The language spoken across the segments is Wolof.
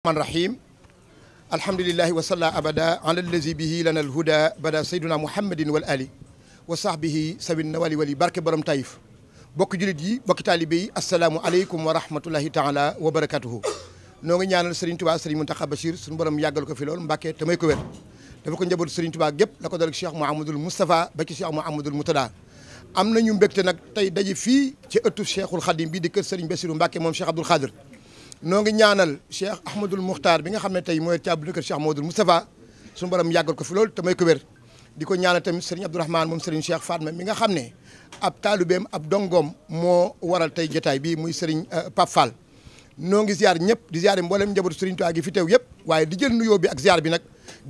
man rahim alhamdulilahi wasalla abada ala allazi bihi lana alhuda bada sayduna muhammadin wal ali wa sahbihi sawin na wali wali barke borom tayif bokki julit yi bokki taalibe yi asalaamu aleykum wa rahmatullahi taala wa barakatuhu noo ngi ñaanal Serigne Touba Serigne Mountakha Bachir suñu borom yàggal ko fi lool Mbàkke te may ko wér dafa ko njaboot Serigne Touba gépp la ko dal Cheikh Mouhamadoul Moustapha ba ci Cheikh Mouhamadoul Moutada am nañu mbégte nag tey daje fii ci ëttu Cheikhul Khadim bi di kër Serigne Bassirou Mbàkke moom Cheikh Abdoul Khadir noo ngi ñaanal Cheikh Ahmadul Muxtaar bi nga xam ne tey mooy caabu dëkk Cheikh Modou Moustapha suñu borom yàggal ko fi loolu te may ko wér di ko ñaanal tamit Serigne Abdourahmane moom Serigne Cheikh Fatma mi nga xam ne ab taalubeem ab dongoom moo waral tey jotaay bii muy Serigne euh, Pape noo ngi ziar ñëpp di ziar mboolem njabootu Serigne Touba gi fi teew yëpp waaye di jël nuyoo bi ak ziar bi nag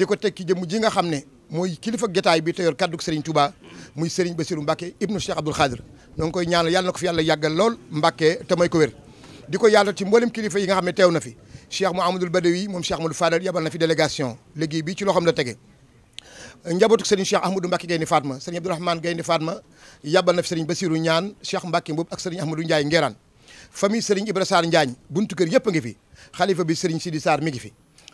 ko teg jëmm ji nga xam ne mooy kilifa getaay bi te yor kaddu Serigne Touba muy Serigne Bassirou Mbacké ibnu Cheikh Abdoul Khadir noo ngi koy ñaanal yàlla na ko fi yàlla yàggal lool mbake te may ko wér di ko yàlla ci mboolem kilifa yi nga xam ne teew na fi Cheikh Mouhamadoul Badawi moom Cheikh Amadou Fadal yabal na fi délégation liggéey bi ci loxoom la tege njabootu Serigne Cheikh Ahmadou Mbacke Gaynde Fatma Serigne Abdourahmane Gaynde Fatma yabal na fi Serigne Bassirou Ñaan Cheikh Mbacke Mboup ak Serigne Ahmadou Ndiaye Ngeeraan famille Serigne Ibra Sarr Njaañ buntu kër yëpp a ngi fi xalifa bi Serigne Sidi saar mi ngi fi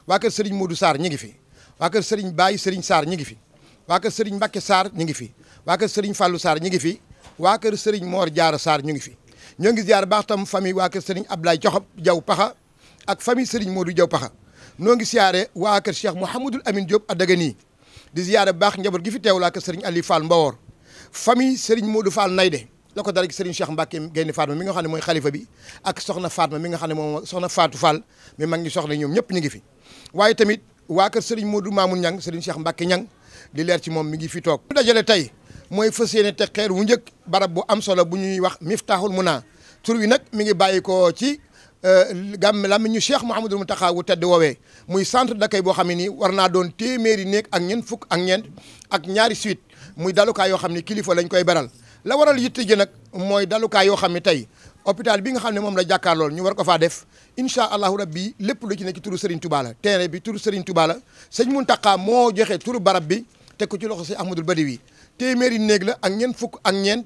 waa kër Serigne Modou Sarr ñi ngi fi waa kër Serigne Baye Serigne Sarr ngi fi waa kër Serigne Mbacke Sarr ngi fi waa kër Serigne Fallou Sarr ngi fi waa kër Serigne Mor Diarra Sarr ñu ngi fi ñoo ngi ziar baax tam famille waa kër Serigne Abdoulaye Diop Diaw Paxa ak seriñ moo du Diaw Paxa noo ngi siyaare waa kër Cheikh Mouhamadul Amine Diop Adagani di ziar baax njaboot gi fi teew waa kër Serigne Aliou Fall Mbawor famille Serigne Modou Fall Nayde la ko dara ci Serigne Cheikh Mbacke Gaynde Fatma mi nga xam ne mooy xalifa bi ak soxna Fatma mi nga xam ne moom soxna Fatou Fall mi mag ñi soxna ñoom ñëpp ñu ngi fi waaye tamit waa kër Serigne Modou Mamoun Niang Serigne Cheikh mbakke ñan di leer ci moom mi ngi fi toog dajale tey mooy fas yéene teg xeer wu njëkk barab bu am solo bu ñuy wax miftaaxul naa tur wi nag mi ngi bàyyi ko ci lam euh, mi ñu Cheikh Mouhamadul Mountakha wu tedd woowee muy centre d'accueil boo xam ne nii war naa doon téeméeri néeg ak ñeent fukk ak ñeent ak ñaari suite muy dalukaay yoo xam ne kilifa lañ koy beral la waral yitte ji nag mooy dalukaay yoo xam ne tey hôpital bi nga xam ne moom la jàkkaarlool ñu war ko faa def incha allahu rabbi lépp lu ci ne ci turu Serigne Touba la terrain bi turu Serigne Touba la sëñ Mountakha moo joxe turu barab bi teg ci loxo si Ahmadul Badawi téeméeri néeg la ak ñeent fukk ak ñeent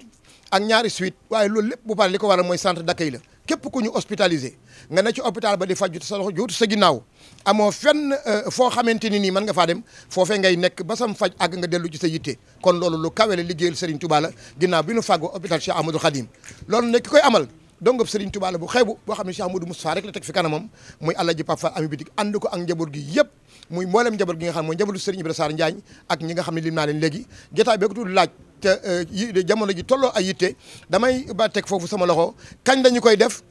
ak ñaari suite waaye loolu lépp bu pare li ko waral mooy centre d'accueil la képp ku ñu hospitalisé nga ne ci hôpital ba di faju sa loxo juutu sa ginnaaw amoo fenn euh, foo xamante ni nii mën nga faa dem foofee ngay nekk ba sam faj ak nga dellu ci sa yitte kon loolu lu kawe liggéey liggéeyal Serigne Touba la ginnaaw bi nu fàggoo hôpital Cheikh Amadou Khadim loolu nekk koy amal dongob Serigne Touba la bu xeebu boo xam ne Cheikh Amadou Moustapha rek la teg fi kanamam muy Alaaji Papa Ami Bitik ànd ko ak njaboot gi yëpp muy mboolem njaboot gi nga xam mooy njabootu Serigne Ibrahima Sarr Njaañ ak ñi nga xam ne lim naa leen léegi jotaay bi ko laaj euh, jamono ji tolloo ay yitte damay ba teg foofu sama loxo kañ dañu koy def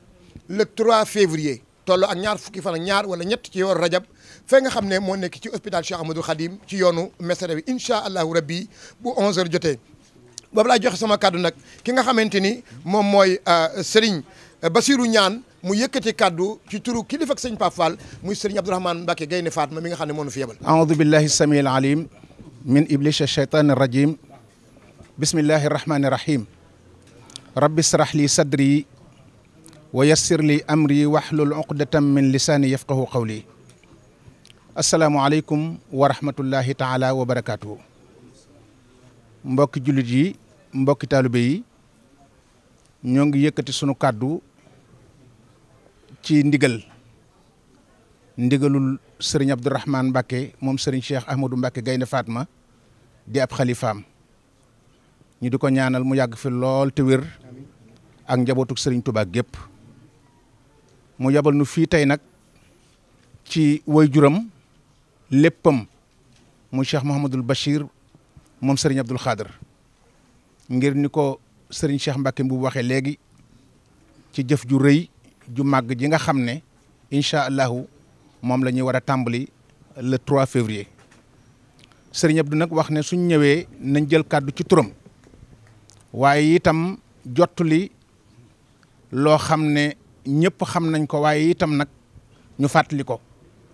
le 3 février tolloo ak ñaar fukki fan ñaar wala ñett ci yoonu rajab fee nga xam ne moo nekk ci hôpital Cheikh Ahmadou Khadim ci yoonu Mesere bi incha allahu rabbi bu 11h jotee. boobu laa joxe sama kàddu nag ki nga xamante ni moom mooy euh, Serigne euh, Basirou Ñaan mu yëkkati kàddu ci turu kilifa ak sëñ Pape Fall muy sëriñ Abdourahmane Mbacke Gaynde Fatma mi nga xam ne moo nu fi yebal aoudu billahi samiil alim min iblis ashaytaan arrajim bismillahi arrahmani arrahim rabbi israh min lisaani yafqahu qawli asalaamualeykum wa rahmatullahi taala wa barakaatuhu yi mbokki taalibe yi ñoo ngi yëkkati sunu kàddu ci ndigal ndigalul sëriñ Abdourahman Mbacke moom sëriñ Cheikh Ahmadou Mbacke Gaynde Fatma di ab xalifaam ñu di ko ñaanal mu yàgg fi lool te wér ak njabootuk sëriñ tubaak gépp mu yabal nu fii tey nag ci juram léppam mu Cheikh Mouhamadul bashir moom sëriñ Abdoul Khader ngir ni ko sëriñ Cheikh Mbacke bu waxe léegi ci jëf ju rëy. ju màgg ji nga xam ne incha allahu moom lañuy ñuy war a tàmbali le 3 février sëriñ Abdou nag wax ne suñ ñëwee nañ jël kàddu ci turam waaye itam jottali loo xam ne ñëpp xam nañ ko waaye itam nag ñu fàttali ko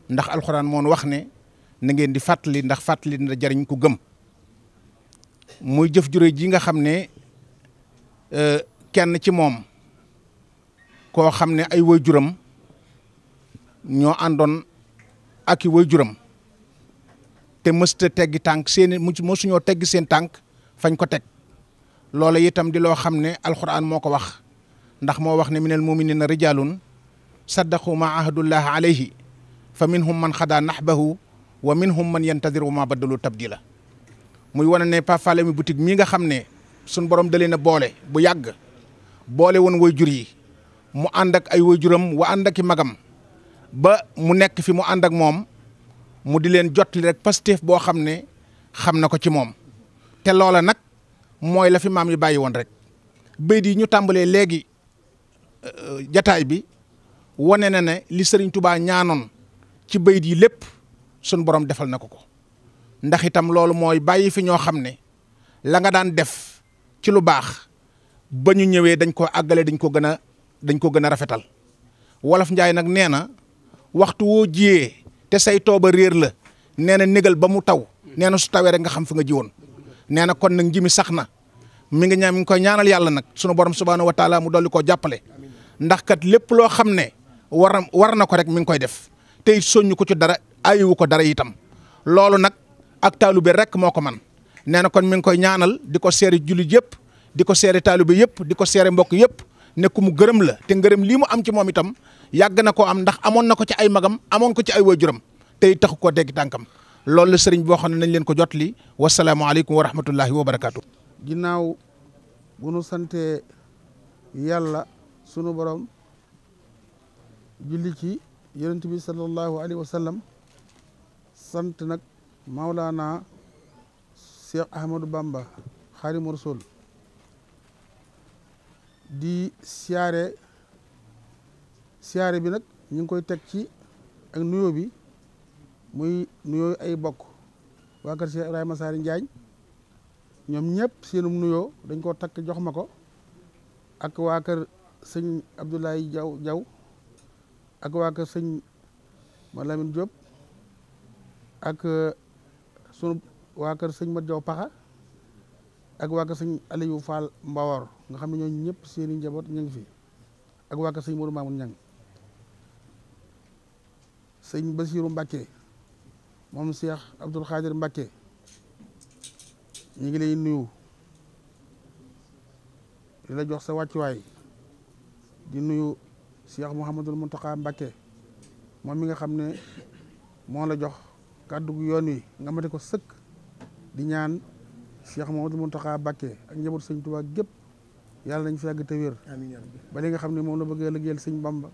ndax alxuraan moon wax ne na ngeen di fàttali ndax fàttali na jariñ ku gëm muy jëf jure ji nga xam ne euh, kenn ci moom. koo xam ne ay juram ñoo àndoon ak i juram te mësta teggi tànk seeni mu mësuñoo tegg seen tànk fañ ko teg loola itam di loo xam ne alxuraan moo ko wax ndax moo wax ne minal muminina rijalun saddaqu ma ahadullah alayhi fa minhum man xadaa nahbahu wa minhum man yantadiru ma baddalu tabdila muy wane ne Pafale mi boutique mii nga xam ne suñ borom dalee a boole bu yàgg boole woon way jur yi mu ànd ak ay waajuram wa ànd ak i magam ba mu nekk fi mu ànd ak moom mu di leen jottali rek Pastef boo xam ne xam na ko ci moom te loola nag mooy la fi maam yi bàyyi woon rek béykat yi ñu tàmbalee léegi euh, jataay bi wane na ne li Serigne Touba ñaanoon ci béykat yi lépp sunu borom defal na ko ko ndax itam loolu mooy bàyyi fi ñoo xam ne la nga daan def ci lu baax ba ñu ñëwee dañ ko àggale dañ ko gën a dañ ko gën a rafetal wolof njaay nag nee na waxtu woo jiyee te say tooba réer la nee na négal ba mu taw nee na su tawee rek nga xam fi nga ji woon nee na kon nag nji sax na mi ngi ñaan mi ngi koy ñaanal yàlla nag sunu borom subhaanahu wa taala mu dolli ko jàppale ndax kat lépp loo xam ne war na war na ko rek mi ngi koy def tey soññu ko ci dara ayiwu ko dara itam loolu nag ak taalube rek moo ko man nee na kon mi ngi koy ñaanal di ko seeri jullit yëpp di ko seeri taalube yëpp di ko seeri mbokk yëpp ne ku mu gërëm la te ngërëm lii mu am ci moom itam yàgg na ko am ndax amoon na ko ci ay magam amoon ko ci ay waajuram tey taxu koo dégg tànkam loolu la sëriñ boo xam ne nañ leen ko jot li wasalaamaaleykum wa rahmatullahi wa barakaatu. ginnaaw bu nu sante yàlla sunu borom julli ci yonent bi sallallahu alayhi sant nag Maulana Cheikh Ahmadou Bamba Xaadimu Rasuul di siyaare siyaare bi nag ñu ngi koy teg ci ak nuyoo bi muy nuyoo ay bokk waa kër Cheikh Ibrahima Sary Njaañ ñoom ñëpp seenum nuyoo dañ koo takk jox ma ko ak waa kër sëñ Abdoulaye Diaw Diaw ak waa kër sëñ Malamine Diop ak sunu waa kër sëñ ma Diaw Paxa ak waa kër sëñ Aliou Fall Mbawar nga xam ne ñooñu ñëpp seen njaboot ñu ngi fi ak waa kër sëñ Modou Mamoun Niang sëñ Basiirou Mbacke moom Cheikh Abdoul Khadir Mbacke ñu ngi lay nuyu di la jox sa wàccuwaay di nuyu Cheikh Mouhamadul Mountakha Mbacke moom mi nga xam ne moo la jox kàddu yoon wi nga mate ko sëkk di ñaan. Cheikh Mamadou Mountakha Mbacké ak njaboot sëñ Tuubaa gépp yàlla nañ fi yàgg te wér ba li nga xam ne moom la bëgg a liggéeyal sëñ Bamba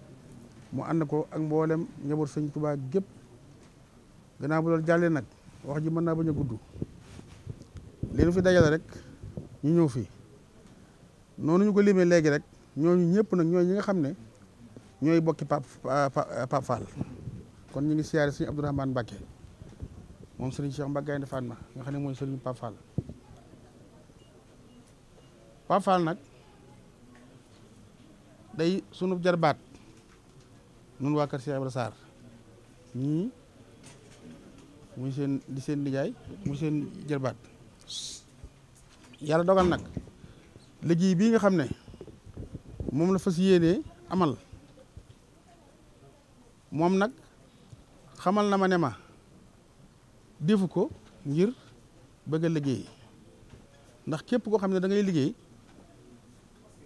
mu ànd ko ak mboolem njaboot sëñ Tuubaa gépp gannaaw bu loolu jàllee nag wax ji mën naa bañ a gudd li nu fi dajale rek ñu ñëw fii noonu ñu ko limee léegi rek ñooñu ñëpp nag ñooy ñi nga xam ne ñooy bokki Pape Pape kon ñu ngi siyaare sëñ Abdourahmane Mbacké moom sëriñ Cheikh Mbacké Gaïndé Fatma nga xam ne mooy sëriñ Pape Fall Pape nag day sunu jarbaat nun waa kër Cheikh Ibrahima Sarr ñii muy seen di seen nijaay muy seen jarbaat yàlla dogal nag liggéey bii nga xam ne moom la fas yéenee amal moom nag xamal na ma ne ma defu ko ngir bëgg a liggéey ndax képp koo xam ne dangay ngay liggéey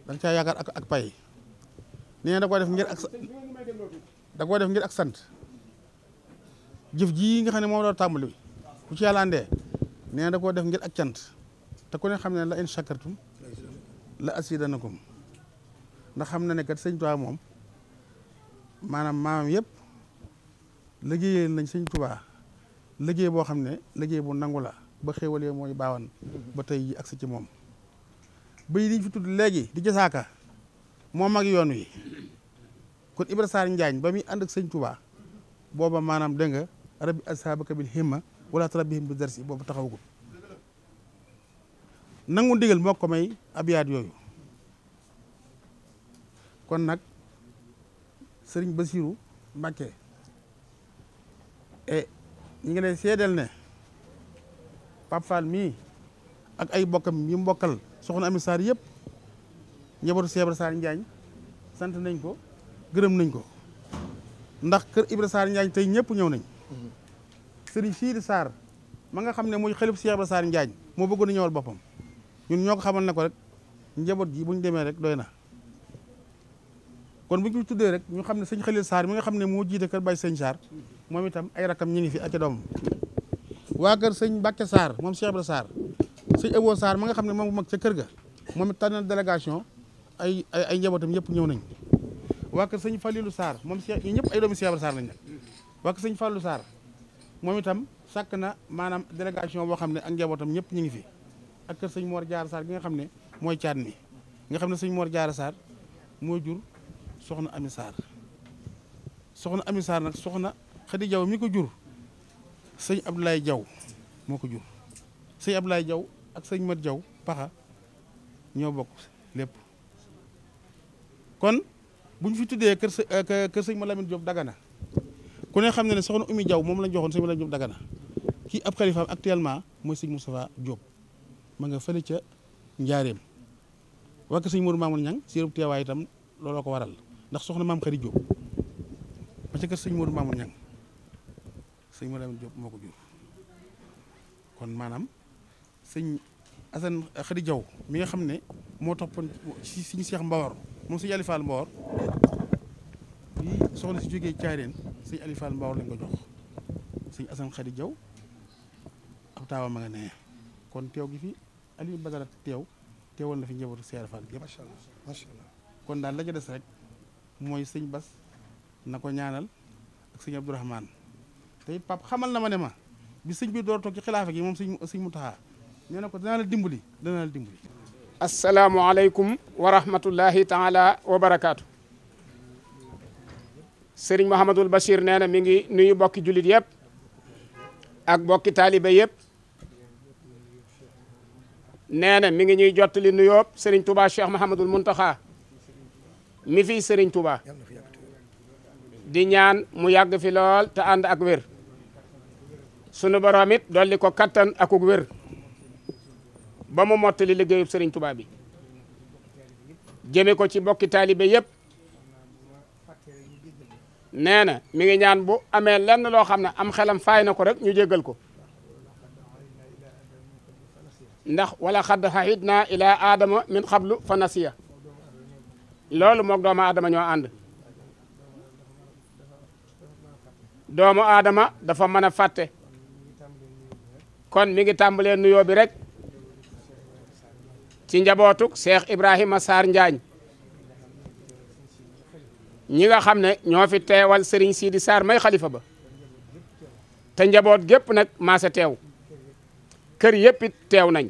dañ caa yaakaar ak ak pay nee na da koo def ngir ak da def ngir ak sant jëf ji nga xam ne moom la tàmbali ku ci yàlla andee nee na da koo def ngir ak sant te ku ne xam ne la in shakartum la asidanakum ndax xam na ne kat sëñ Tuubaa moom maanaam maamam yëpp liggéeyal nañ sëñ Tuubaa liggéey boo xam ne liggéey bu nangu la ba xéewal yooyu mooy baawan ba tey ji ak si ci moom bëy liñ fi tudd léegi di jasaaka moo mag yoon wi kon Ibra Saar Njaañ ba muy ànd ak sëñ Tuubaa booba maanaam dégg nga rabbi ashaabaka bil himma wala tarabbihim bi darsi boobu taxawagul nangu ndigal moo ko may abiyaat yooyu kon nag sëriñ Basiiru Mbàkke e eh, ñi ngi lay seedeel ne Pape Fall mii ak ay bokkam yi mbokkal soxna Ami Sarr yëpp njabootu Cheikh saar Sarr Njaañ sant nañ ko gërëm nañ ko ndax kër Ibra Sarr Njaañ tey ñëpp ñëw nañ sëriñ Siidi saar ma nga xam ne mooy xelif Cheikh Ibra Sarr Njaañ moo bëggoon a ñëwal boppam ñun ñoo ko ne ko rek njaboot ji bu demee rek doy na kon bu ñu tuddee rek ñu xam ne sëñ Xalil Sarr mi nga xam ne moo jiite kër Baye Sëñ Sarr moom itam ay rakam ñu ngi fi ak doomam waa sëñ Mbàkke Sarr moom Cheikh Ibra sëñ Abo saar ma nga xam ne moom mag ca kër ga moom it tànn délégation ay ay njabootam yëpp ñëw nañ waa kër sëñ Falilou Sarr moom si ñëpp ay doomi Siabra Sarr lañ nag waa kër sëñ Fallou moom itam sàkk na maanaam délégation boo xam ne ak njabootam ñëpp ñu ngi fi ak kër sëñ Mor Diarra Sarr bi nga xam ne mooy caat mi nga xam ne sëñ Mor jaara Sarr moo jur soxna Ami Sarr soxna Ami Sarr nag soxna Khady Diaw mi ko jur sëñ Abdoulaye jaw moo ko jur sëñ ak sëñ Mat Jaw paxa ñoo bokk lépp kon bu ñu fi tuddee kër euh, kër sëñ Ma Lamine Diop Dagana ku ne xam ne ne soxna umi Diaw moom la joxoon sëñ Ma Lamine Diop Dagana kii ab xalifaam actuellement mooy sëñ Moustapha Diop ma nga fële ca Njaareem waa sëñ Mourou Mamoun Niang sirub teewaay itam looloo ko waral ndax soxna maam Khady Diop ba ca kër sëñ Mourou sëñ Ma Lamine ko jur kon maanaam sëñ Assane Khady Diaw mi nga xam ne moo toppoon ci suñu seex Mbawar moom suñu Alifaal Mbawar bi soxna si jógee Caareen suñu Alifaal Mbawar lañ ko jox sëñ Assane Khady Diaw ab taawa ma nga nee kon teew gi fi Aliou Badara teew teewoon na fi njabootu Seex Faal kon daal la ca des rek mooy sëñ Bas na ko ñaanal ak sëñ Abdourahmane te it xamal na ma ne ma bi sëñ bi door toog ci xilaafa gi moom sëñ sëñ Mountakha ñu ne dana la dimbali dana la dimbali. asalaamualeykum wa taala wa barakaatu. Serigne Mouhamadul Bachir nee na mi ngi nuyu bokki julit yëpp. ak bokki taalibe yëpp. nee na mi ngi ñuy jottali nuyoob Serigne Touba Cheikh Mouhamadul Mountakha mi fii Serigne Touba. di ñaan mu yàgg fi lool te ànd ak wér. sunu borom it dolli ko kattan akuk wér. ba mu mottali liggéeyub sëriñ Tuubaa bi ko ci bokki taalibe yëpp nee na mi ngi ñaan bu amee lenn loo xam ne am xelam faay na ko rek ñu jéggal ko ndax wala xad xahidna ila aadama min xablu fa nasiya loolu moog doomu aadama ñoo ànd doomu aadama dafa mën a fàtte kon mi ngi tàmbalee nuyoo bi rek ci njabootuk Cheikh Ibrahima saar Njaañ ñi nga xam ne ñoo fi teewal Serigne Sidi Sarr may xalifa ba te njaboot gépp nag maase teew kër yëpp teew nañ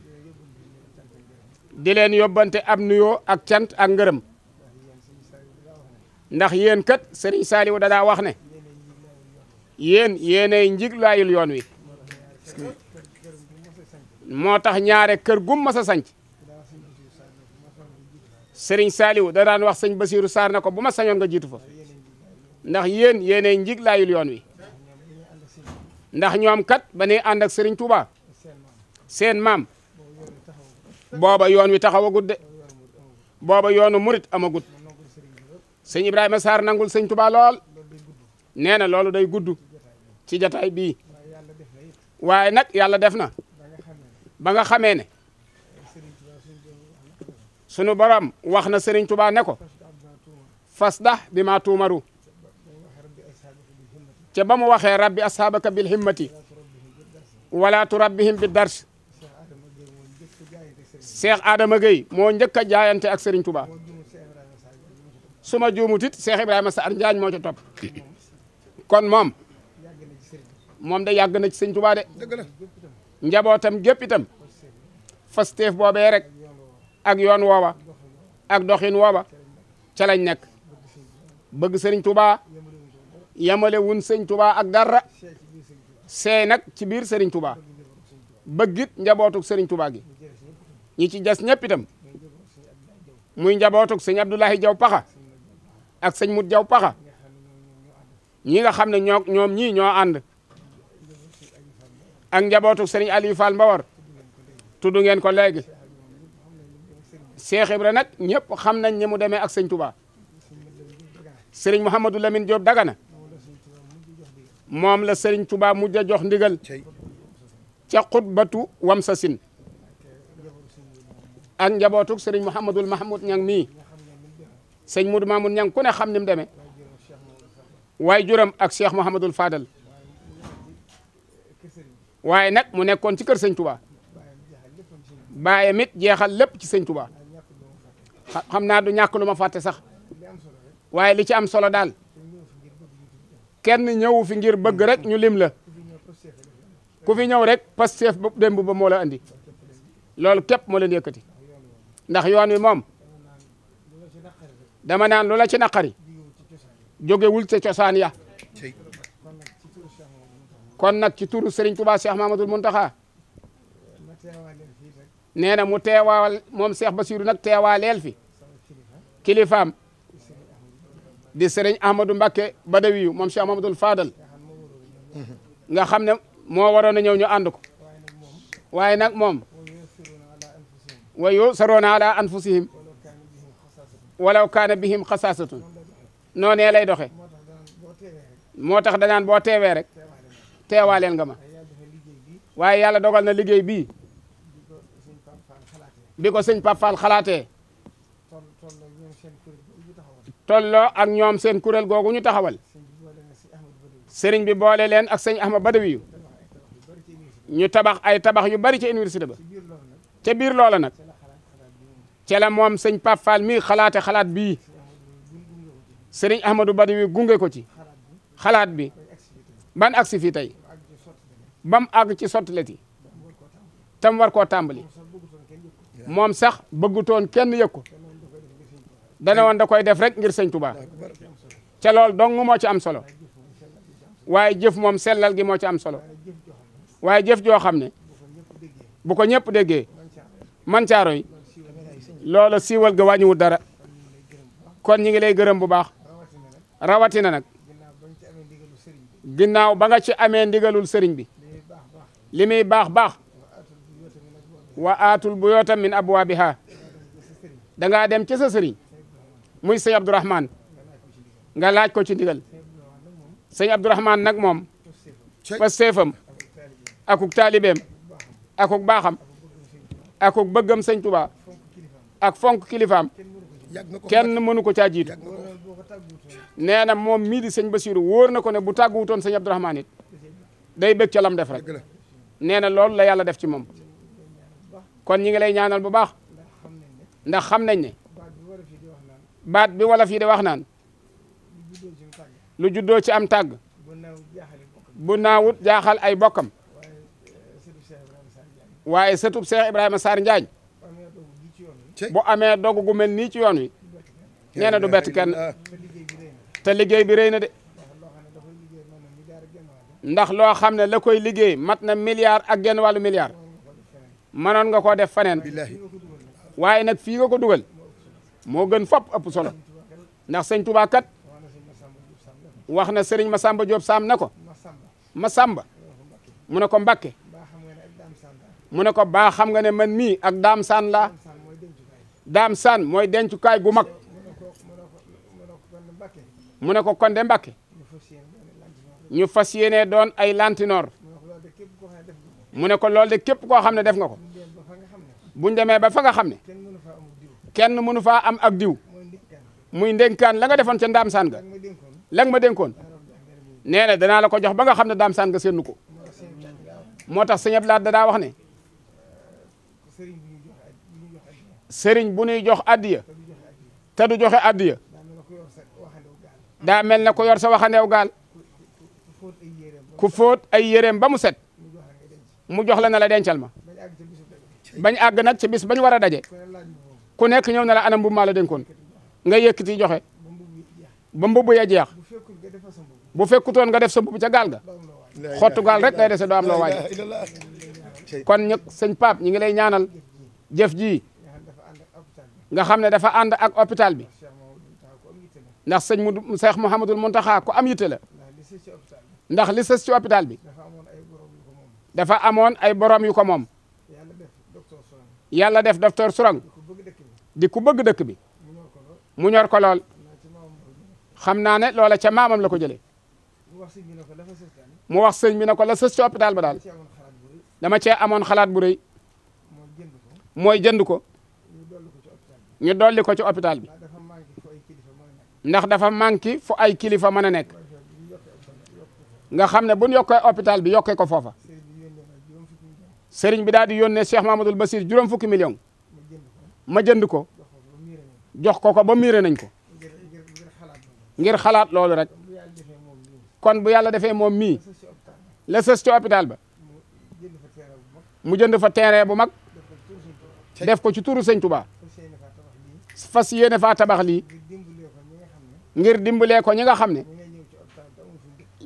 di leen yóbbante ab nuyoo ak cant ak ngërëm ndax yéen kat Serigne Saliou da daa wax ne yéen yéenay njiglaayul yoon wi moo tax ñaare kër gum masa sanc Serigne Saliou da wax sëñ Basiirou saar na ko bu ma sañoon nga jiitu fa ndax yéen yéenay njig laayul yoon wi ndax ñoom kat ba ne ànd ak Serigne Touba seen maam booba yoon wi taxawagut de booba yoonu murit amagut sëñ Ibrahima Sarr nangul sëñ Touba lool nee na loolu day gudd ci jataay bii waaye nag yàlla def na xamee ne. sunu borom wax na Serigne Touba ne ko fasdah bi maa tuumaru ca ba mu waxee rabbi ashaabaka bil himmati wala turabbihim bi dars Cheikh Adama Gueye moo njëkk a jaayante ak Serigne Touba su ma juumut it Cheikh Ibrahima Sarr Njaañ moo ca topp kon moom moom da yàgg na ci Serigne Touba de njabootam gépp itam fasteef boobee rek ak yoon wooba ak doxin woowa ca lañ nekk bëgg sëriñ Touba yamale wun sëriñ Touba ak dara seey nag ci biir sëriñ Touba bëggit njabootuk sëriñ Touba gi ñi ci des ñëpp muy njabootuk sëñ Abdoulahi Jaw Paxa ak sëñ Mut Jaw Paxa ñi nga xam ne ñoo ñoom ñii ñoo ànd ak njabootuk sëriñ Aliou Fall Mbawar tudd ngeen ko léegi Cheikh Ibra nag ñëpp xam nañ ne mu demee ak sëñ Touba sëriñ Mouhamadou Lamine Diop Dagana moom la sëriñ Touba mujj jox ndigal ca xutbatu wamsa sin ak njabootug sëriñ Mouhamadul Mahmoud ñang mii sëñ Moudou Mamoun ñang ku xam ni mu demee juram ak Cheikh Mouhamadul Fadal waaye nag mu nekkoon ci kër sëñ Touba. baaye jeexal lépp ci sëñ Touba xam naa du ñàkk lu ma fàtte sax waaye li ci am solo daal kenn ñëwu fi ngir bëgg rek ñu lim la ku fi ñëw rek Pastef bu démb ba moo la andi loolu képp moo leen yëkkati ndax yoon wi moom dama naan lu la ci naqari jógewul te ya kon nag ci turu Serigne Touba Cheikh Mamadou Mountakha nee na mu teewaal moom Cheikh Bassirou nag teewaaleel fi kilifaam di sëriñ Ahmadou Mbakke Badawiyu moom Cheikh Mamadou Fadal nga xam ne moo waroon a ñëw ñu ànd waaye nag moom wa yusaroona ala anfusihim walaw kaana bihim xasaasatun noonee lay doxe moo tax danaan boo teewee rek teewaaleel nga ma waaye yàlla dogal na liggéey bii bi ko sëñ Pap tolloo ak ñoom seen kuréel googu ñu taxawal sëriñ bi boole leen ak sëñ Ahmad Badawi ñu tabax ay tabax yu bari ca université ba ca biir loola nag ca la moom sëñ Pape mii xalaate xalaat bi sëriñ Ahmadou Badawi gunge ko ci xalaat bi ban agsi fii tey ba mu àgg ci sottileti tam war koo tàmbali moom sax bëggutoon kenn yëg dana woon da koy def rek ngir sëñ Touba ca loolu dong moo ci am solo waaye jëf moom sellal gi moo ci am solo waaye jëf joo xam ne bu ko ñëpp déggee man caaro yi loola siiwal ga wàññiwul dara kon ñi ngi lay gërëm bu baax rawatina nag ginnaaw ba nga ci amee ndigalul sëriñ bi li muy baax baax wa aatul bu yootam min abwaabiha da ngaa dem ci sa sëriñ muy sëñ Abdourahman nga laaj ko ci ndigal sëñ Abdourahman nag moom fa seefam akuk taalibeem akuk baaxam akuk bëggam sëñ Tuba ak fonk kilifaam kenn mënu ko caa jiitu nee na moom mii di sëñ Basiru wóor na ko ne bu tàgguwutoon sëñ Abdourahman it day bëgg ca lam def rek nee na loolu la yàlla def ci moom kon ñi ngi lay ñaanal bu baax ndax xam nañ ne baat bi wala yi de wax naan lu juddoo ci am tàgg bu naawut jaaxal ay bokkam waaye sëtub Cheikh Ibrahima Sarr Njaañ bu amee dogu gu mel nii ci yoon wi nee du bet kenn te liggéey bi rëy na de ndax loo xam ne la koy liggéey mat na milliard ak genn wàllu milliard mënoon nga koo def faneen waaye nag fii nga ko dugal moo gën fopp ëpp solo ndax sëñ Tuubaa kat wax na sëriñ Masamba Diop Sam na ko Masamba mu ne ko Mbàkke mu ne ko baa xam nga ne man mii ak daam saan laa daam saan mooy dencukaay gu mag mu ne ko kon de ñu fas yéene doon ay lantinoor mu ne ko loolu de képp koo xam ne def nga ko buñ demee ba fa xam ne kenn mënu faa am ak diw muy ndénkaan la nga defoon ca ndaam saan ga la nga ma dénkoon nee na danaa la ko jox ba nga xam ne ndaam saan ga séenu ko moo tax sëñ laa daa wax ne sëriñ bu ñuy jox addiya te du joxe addiya daa mel na ko yor sa waxandeew gaal ku fóot ay yéreem ba mu set mu jox la na la dencal ma bañ àgg nag bis bañ war a daje ku nekk ñëw na la ana bu maa la dénkoon nga yëkkati joxe ba mbubb ya jeex bu fekkutoon nga def sa mbubb ca gaal ga xottu gaal rek ngay dese doo am loo ngi lay ñaanal jëf ji nga xam ne dafa ànd ak hôpital bi ndax sëñ mu Cheikh Mouhamadul Mountakha ku am yitte la ndax li sës ci hôpital bi dafa amoon ay borom yu ko moom yàlla def docteur Sourang di ku bëgg dëkk bi mu ñor ko lool xam naa ne loola ca maamam la ko jële mu wax sëñ bi ne ko la sës ci hôpital ba daal dama cee amoon xalaat bu rëy mooy jënd ko ñu dolli ko ci hôpital bi ndax dafa manqué fu ay kilifa mën a nekk nga xam ne bu ñu yokkee opital bi yokkee ko foofa sëriñ bi daal di yónnee Cheikh Mamadou Bassir juróom fukki million ma jënd ko jox ko ko ba miire nañ ko ngir xalaat loolu rek kon bu yàlla defee moom mii la sës ci hôpital ba mu jënd fa terrain bu mag def ko ci turu sëñ Touba fas yéene faa tabax lii ngir dimbalee ko ñi nga xam ne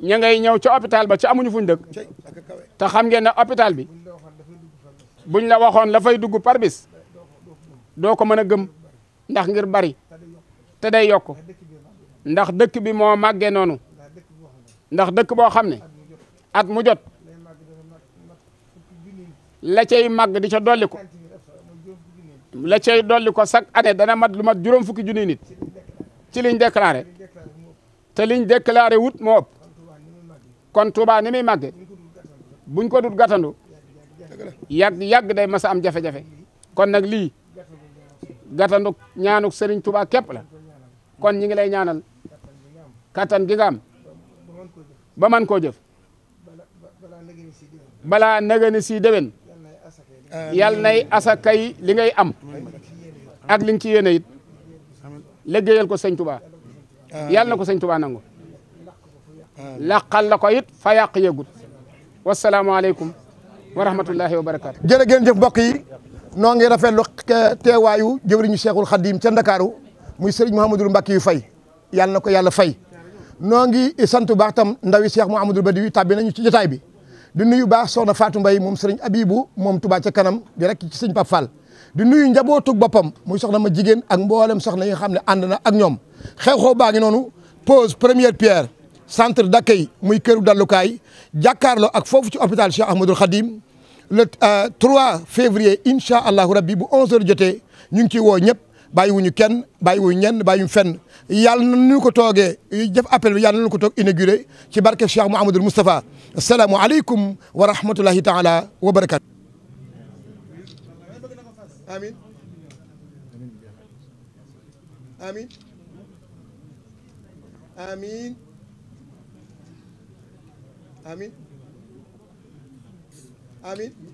ña ngay ñëw ca hôpital ba ca amuñu fuñ dëkk te xam ngeen ne hôpital bi buñ la waxoon la fay dugg par bis doo ko mën a gëm ndax ngir bari te day yokk ndax dëkk bi moo màggee noonu ndax dëkk boo xam ne at mu jot la cay màgg di ca dolli ko la cay dolli ko chaque année dana mat lu mat juróom fukki junniy nit ci liñ déclaré te liñ déclaré wut moo ëpp kon Touba ni muy buñ ko dut gàttandu yàgg yàgg day mas a am jafe kon nag lii gàttanduk ñaanuk Serigne Touba képp la kon ñi ngi lay ñaanal kattan gi nga ba man koo jëf balaa nagani si déwén yal nay asakay li ngay am ak li ci yéene it liggéeyal ko sëñ Touba yal na ko sëñ Touba nangu laqal la ko it fa yàq yëgut wasalaamualeykum wa rahmatullahi wa barakaatu. jërë ngeen jëf noo ngi rafetlu teewaayu jëwriñu Cheikhul Khadim ca Ndakaaru muy sëriñ Mouhamadul Mbacke yu fay yàlla na ko yàlla fay noo ngi sant bu baax tam ndawi Cheikh Mouhamadul Badi tàbbi nañu ci jotaay bi di nuyu baax soxna Fatou Mbaye moom sëriñ Abibu moom Touba ca kanam di rek ci sëñ Pape Fall di nuyu njabootu boppam muy soxna ma jigéen ak mboolem soxna yi nga xam ne ànd na ak ñoom xew-xew baa noonu pose première pierre centre d'accueil muy kër dallukaay jàkkaarloo ak foofu ci hôpital Cheikh Ahmadoul Khadim le 3 euh, février incha allahu rabbi bu 11h jotee ñu ngi ciy woo ñëpp bàyyiwuñu kenn bàyyiwuñu ñenn bàyyiwuñu fenn yàlla na ñu ko toogee def appel bi yàlla na ñu ko toog inauguré ci barke Cheikh Mouhamadul Moustapha asalaamualeykum wa rahmatulahi taala wa barakaatu. amiin amiin